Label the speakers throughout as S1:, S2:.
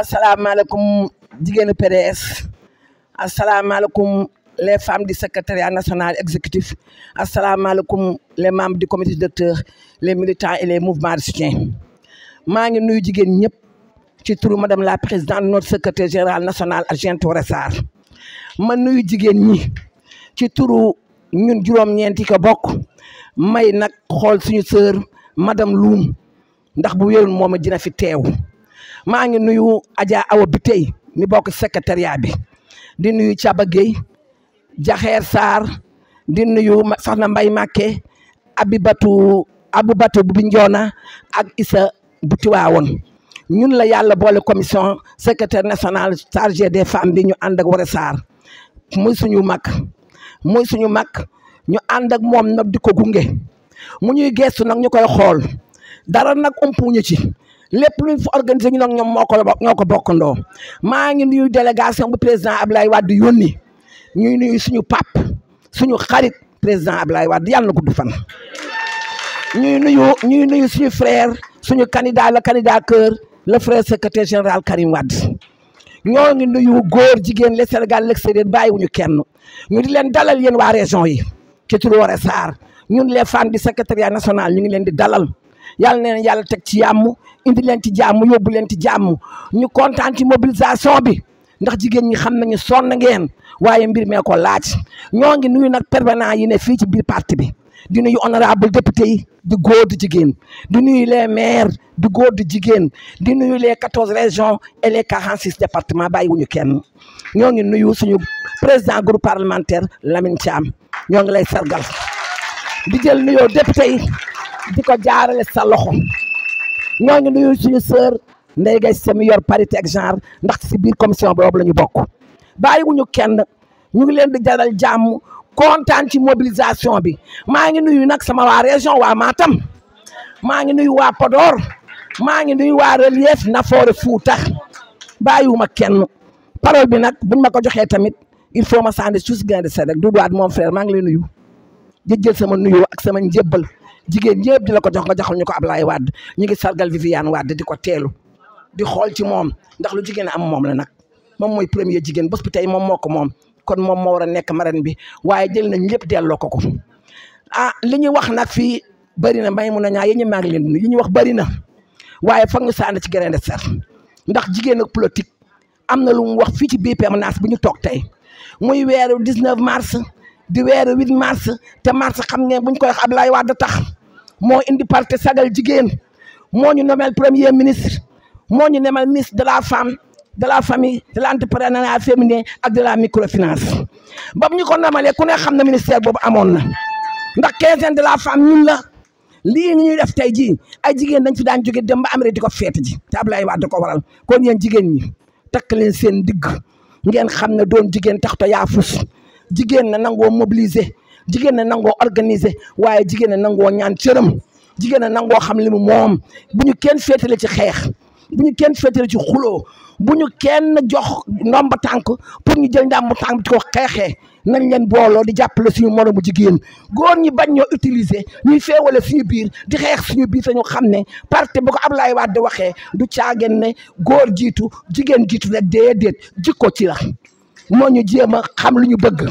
S1: asalaamaaleykum jigéenu PDS alaikum les femmes du secrétariat national exécutif alaikum, les membres du comité directeur les militants et les mouvements de soutien maa ngi nuyu jigéen madame la présidente notre secrétaire général national adjoint Touré Je ma nuyu jigéen ñi ci turu ñun juróom-ñeenti ko may madame Loum ndax bu wéyoon moom dina maa ngi nuyu Adja Awa Bitey mi bokk secrétariat bi di nuyu Thiaba Gueye Jaxeer Sarr di nuyu soxna Mbay Màkke Abibatu Abubatu bu Njoona ak Issa bu Tiwaawoon ñun la yàlla boole commission secrétaire national chargé des femmes bi ñu ànd ak Wore muy suñu mag muy suñu mag ñu ànd ak moom nag di ko gunge mu ñuy gestu nag ñu koy xool dara nag umpuñu ci lépp luñ fa organisé ñu nag ñoom moo ko ñoo ko bokkandoo maa ngi nuyu délégation bu président Ablaye Wade yónni ñuy nuyu suñu pap suñu xarit président Ablaye Wade yàlla na gudd fan. ñu nuyu ñuy nuyu suñu frère suñu candidat le candidat cœur le frère secrétaire général Karim Wade ñoo ngi nuyu góor jigéen le Sénégal l'extérieur bàyyiwuñu kenn ñu di leen dalal yéen waa région yi ci turu Woré Sarr ñun les femmes du secrétariat national ñu ngi leen di dalal. yàlla na leen yàlla teg ci yàmm indi leen ci jàmm yóbbu leen ci jàmm ñu kontaan ci mobilisation bi ndax jigéen ñi xam nañu sonn ngeen waaye mbir mee ko laaj ñoo ngi nuyu nag permanent yi ne fii ci biir parti bi di nuyu honorable député yi di góor di jigéen di nuyu les maires di góor di jigéen di nuyu les quatorze régions et les quarante six départements wuñu kenn ñoo ngi nuyu suñu président groupe parlementaire Lamine Thiam ñoo ngi lay sargal di jël nuyoo député yi di ko jaarale sa loxo ñooñu nuyu suñu sœur Ndeye Gaye semi yor parité ak genre ndax si biir commission boobu la ñu bokk bàyyiwuñu kenn ñu leen di jaral jàmm kontaan ci mobilisation bi maa ngi nuyu nag sama waa région waa Matam maa ngi nuyu waa podoor maa ngi nuyu waa Relief Nafoore Fuuta ma kenn parole bi nag buñ ma ko joxee tamit il faut ma sànni suuf si gën a rek du doy moom frère maa ngi lay nuyu di jël sama nuyoo ak sama njébbal. jigéen yëpp di la ko jox nga joxal ñu ko Ablaye Wade ñu ngi sargal Viviane Wade di ko teelu di xool ci moom ndax lu jigéen am moom la nag moom mooy premier jigéen bés bi tey moom moo ko moom kon moom moo war a nekk marraine bi waaye jël nañ lépp delloo ko ko ah li ñu wax nag fii bëri na may mun a ñaa yé ñu maa ngi leen yi ñu wax bëri na waaye foog ñu sànni ci grain de sel ndax jigéen ak politique am na lu mu wax fii ci bii permanence bi ñu toog tey muy weeru 19 mars di weeru 8 mars te mars xam ngeen buñ koy wax Ablaye Wade tax moo indi parti sagal jigéen moo ñu nomel premier ministre moo ñu nomel ministre de la femme de la famille de l' entrepreneuriat féminin ak de la microfinance ba ñu ko nomalee ku ne xam na ministère boobu amoon na ndax quinzaine de la femme ñun la lii ñuy def tey jii ay jigéen dañ fi daan jóge dem ba Amérique di ko feete ji te Abdoulaye Wade da ko waral kon yéen jigéen ñi takk leen seen digg ngeen xam ne doon jigéen tax to yaa fus jigéen na nangoo mobiliser jigéen ne nangoo organiser waaye jigéen ne nangoo ñaan cëram jigéen ne nangoo xam li mu moom bu ñu kenn féetale ci xeex bu ñu kenn féetale ci xuloo bu ñu kenn jox ndomb tànk pour ñu jël ndam tànk ti ko xeexee nañ leen booloo di jàppale suñu moromu jigéen góor ñi bañ ñoo utiliser ñuy feewale suñu biir di xeex suñu biir sañu xam ne parti bu ko Ablaye Wade waxee du caageen ne góor jiitu jigéen jiitu rek déedéet jikko ci la moo ñu jéem a xam lu ñu bëgg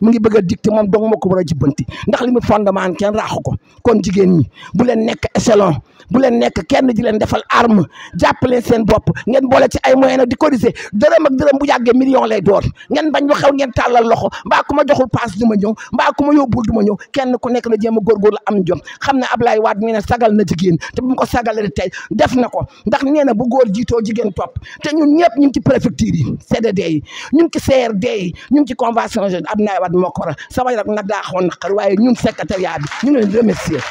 S1: mu ngi bëgg a dicté moom dong moo ko war a jubbanti ndax li mu fondement kenn raaxu ko kon jigéen ñi bu leen nekk échelon bu leen nekk kenn ji leen defal arme jàppale seen bopp ngeen boole ci ay moyens nag di cotiser dërëm ak dërëm bu yàggee million lay door ngeen bañ waxaw ngeen tàllal loxo mbaa ku ma joxul paas du ma ñëw mbaa ku ma yóbbul du ma ñëw kenn ku nekk na jéem a góorgóor la am jom xam ne Ablaye Wade nee na sagal na jigéen te bu mu ko sagalee tey def na ko ndax nee na bu góor jiitoo jigéen topp te ñun ñëpp ñu ngi ci préfecture yi yi ñu ngi ngi ci convention jeune Wade moo ko waral sa way nag daa xawoon naqar waaye ñun secrétariat bi ñu ngi leen remercier